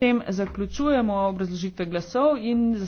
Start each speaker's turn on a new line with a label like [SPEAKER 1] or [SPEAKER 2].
[SPEAKER 1] tem zaključujemo obrazložitve glasov in zasedamo se.